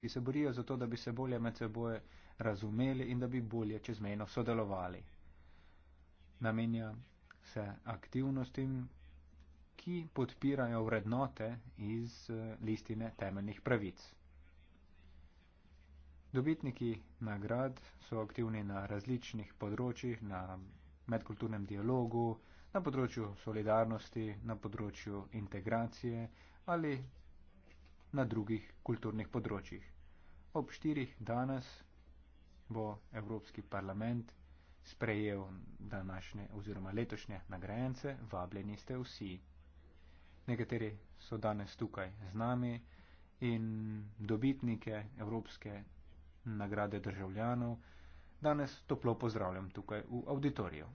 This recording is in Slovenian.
ki se borijo za to, da bi se bolje med seboj razumeli in da bi bolje čezmejno sodelovali. Namenja se aktivnostim, ki podpirajo vrednote iz eh, listine temeljnih pravic. Dobitniki nagrad so aktivni na različnih področjih, na medkulturnem dialogu, na področju solidarnosti, na področju integracije ali na drugih kulturnih področjih. Ob štirih danes bo Evropski parlament sprejel današnje oziroma letošnje nagrajence, vabljeni ste vsi. Nekateri so danes tukaj z nami in dobitnike Evropske nagrade državljanov danes toplo pozdravljam tukaj v auditoriju.